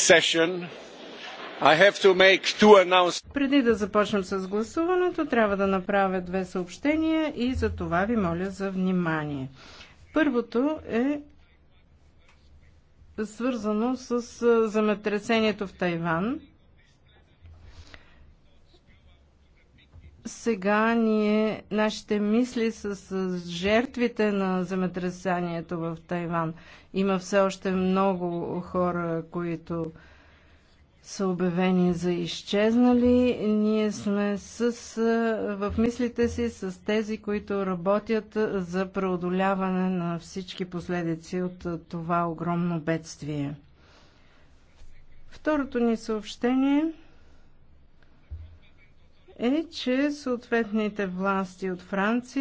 session, I have to make two announcements. Преди да започнем с гласуването, трябва да направя две съобщения и за това ви моля за внимание. Първото е свързано с земетресението в Тайван. сега ние, нашите мисли са с жертвите на земетресанието в Тайван. Има все още много хора, които са обявени за изчезнали. Ние сме с, в мислите си с тези, които работят за преодоляване на всички последици от това огромно бедствие. Второто ни съобщение е, че съответните власти от Франция